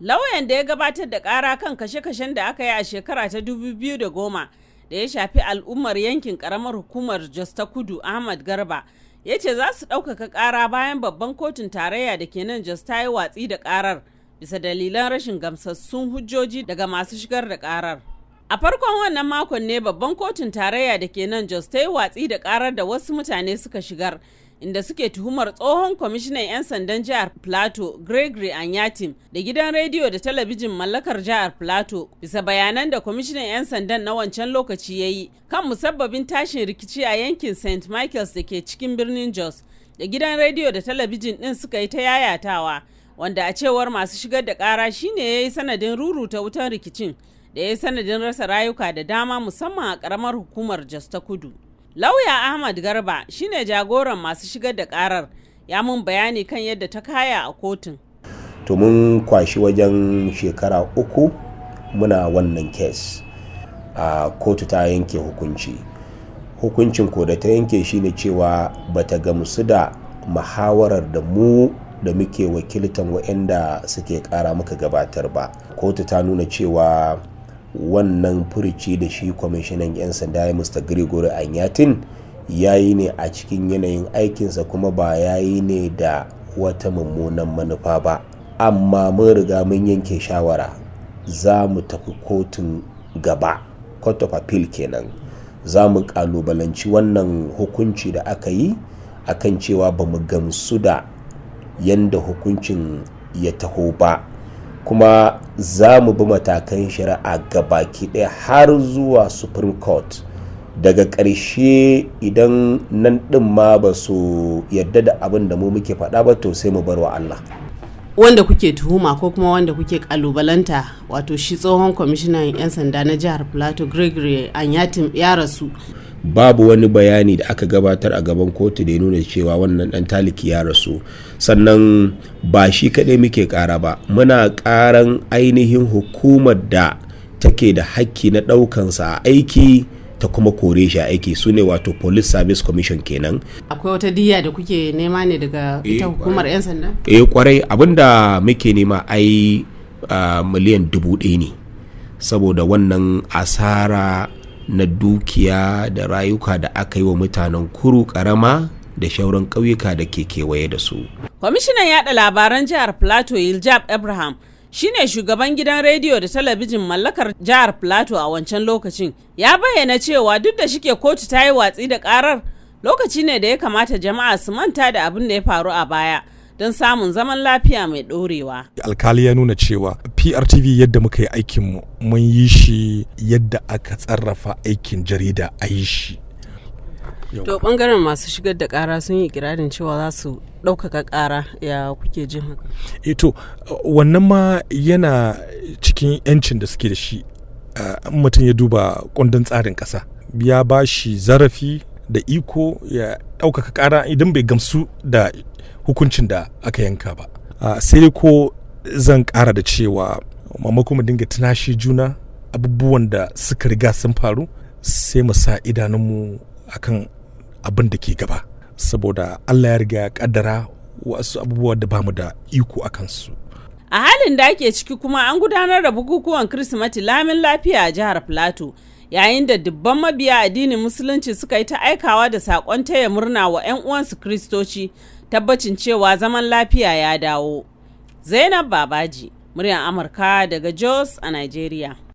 Lauyan da ya gabatar da ƙara kan kashe-kashen da aka yi a shekara ta 2010 da ya shafi al'ummar yankin karamar hukumar Jos ta Kudu Ahmad Garba ya ce za su ɗaukaka ƙara bayan babban kotun tarayya da ke nan Jos ta yi watsi da ƙarar bisa dalilan rashin gamsassun hujjoji daga masu shigar da ƙarar. A farkon wannan makon ne babban kotun tarayya da ke nan Jos ta yi watsi da ƙarar da wasu mutane suka shigar inda suke tuhumar tsohon kwamishinan 'yan sandan jihar Plateau Gregory Anyatim da gidan rediyo da talabijin mallakar jihar Plateau bisa bayanan da kwamishinan 'yan sandan na wancan lokaci ya yi kan musabbabin tashin rikici a yankin St. Michael's da ke cikin birnin Jos da gidan rediyo da talabijin ɗin suka yi ta yayatawa wanda a cewar masu shigar da kara shine ya yi sanadin ruruta wutan rikicin da ya yi sanadin rasa rayuka da dama musamman a karamar hukumar Jos ta Kudu. Lauya Ahmad Garba shine jagoran masu shigar da karar ya mun bayani kan yadda ta kaya a kotun. To mun kwashi wajen shekara uku muna wannan kes. A kotu ta yanke hukunci. Hukuncin ko da ta yanke shine cewa bata gamsu da muhawarar da mu da muke wakiltan waɗanda suke kara muka gabatar ba. Kotu ta nuna cewa wannan furuci da shi kwamishinan 'yan sanda ya mr gregory anyatin ya yi ne a cikin yanayin aikinsa kuma ba ya yi ne da wata mummunan manufa ba amma mun riga mun yanke shawara za mu tafi kotun gaba court of appeal kenan za mu kalubalanci wannan hukunci da aka yi akan cewa ba mu gamsu da yadda hukuncin ya taho ba kuma za mu bi matakan shari'a ga baki ɗaya har zuwa supreme court daga ƙarshe idan nan ɗin ma ba su yadda da abin da mu muke faɗa ba to sai mu bar wa Allah. Wanda kuke tuhuma ko kuma wanda kuke kalubalanta wato shi tsohon kwamishinan 'yan sanda na jihar Plateau Gregory Anyatim ya rasu. babu wani bayani da aka gabatar a gaban kotu da ya nuna cewa wannan dan taliki ya rasu sannan ba shi kaɗai muke ƙara ba muna ƙaran ainihin hukumar da take da hakki na ɗaukansa a aiki ta kuma kore shi a aiki su ne wato police service commission kenan akwai wata diya da kuke nema ne daga eh, ita hukumar 'yan sanda eh kwarai abinda muke nema ai ah, miliyan dubu ɗaya ne saboda wannan asara na dukiya da rayuka da aka yi wa mutanen kuru karama da shauran ƙauyuka da ke kewaye da su. Kwamishinan yada labaran jihar Plato Iljab Abraham shine shugaban gidan rediyo da talabijin mallakar jihar Plato a wancan lokacin ya bayyana cewa duk da shike kotu ta yi watsi da karar lokaci ne da ya kamata jama'a su manta da abin da ya faru a baya. don samun zaman lafiya mai ɗorewa. alkali ya nuna cewa prtv yadda muka yi aikinmu mun yi shi yadda aka tsarrafa aikin jarida a yi shi to bangaren masu shigar da kara sun yi kirarin cewa za su ɗaukaka kara ya kuke jin haka eh to wannan ma yana cikin 'yancin da suke da shi ah, mutum ya duba kundin tsarin ƙasa ya ba shi zarafi da iko ya ɗaukaka ƙara idan bai gamsu da hukuncin da aka yanka ba sai ko zan ƙara da cewa mamako mu dinga tunashi juna abubuwan da suka riga sun faru sai mu sa idanunmu kan abin da ke gaba saboda allah ya riga ya kaddara wasu abubuwa da bamu da iko a kansu a halin da ake ciki kuma an gudanar da bukukuwan kirsimati lamin lafiya a jihar plateau yayin da dubban mabiya addinin musulunci suka yi ta aikawa da saƙon taya murna wa 'yan uwansu kristoci tabbacin cewa zaman lafiya ya dawo zainab babaji muryar amurka daga jos a nigeria